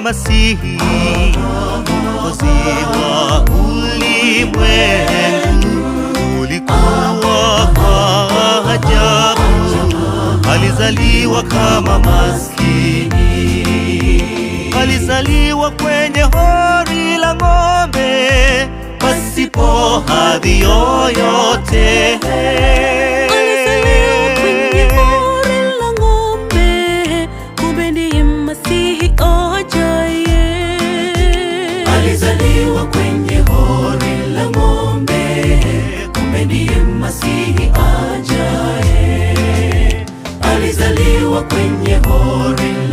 Masihi Mwokozi wa ulimwengu. Ulikuwa wa ajabu, alizaliwa kama maskini, alizaliwa kwenye hori la ng'ombe pasipo hadhi yoyote. amezaliwa kwenye hori la ng'ombe, kumbe ndiye masihi ajaye. Alizaliwa kwenye hori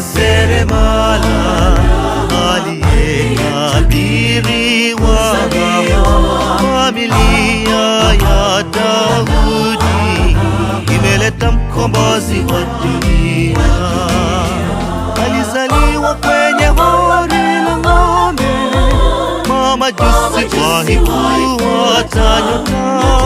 seremala aliyetabiriwa familia ya Daudi imeleta mkombozi wa dunia. Alizaliwa kwenye hori la ng'ombe, mamajusi kwa hikuwa tanyota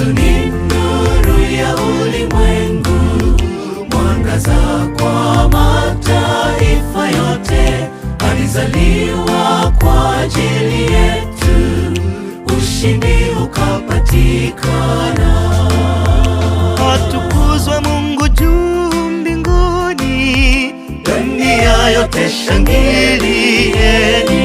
Yesu ni nuru ya ulimwengu, mwangaza kwa mataifa yote. Alizaliwa kwa ajili yetu, ushindi ukapatikana. Atukuzwe Mungu juu mbinguni, dunia yote shangilieni.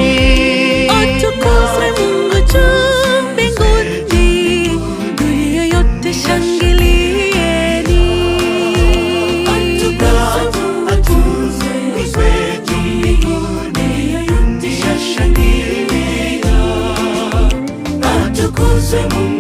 Sing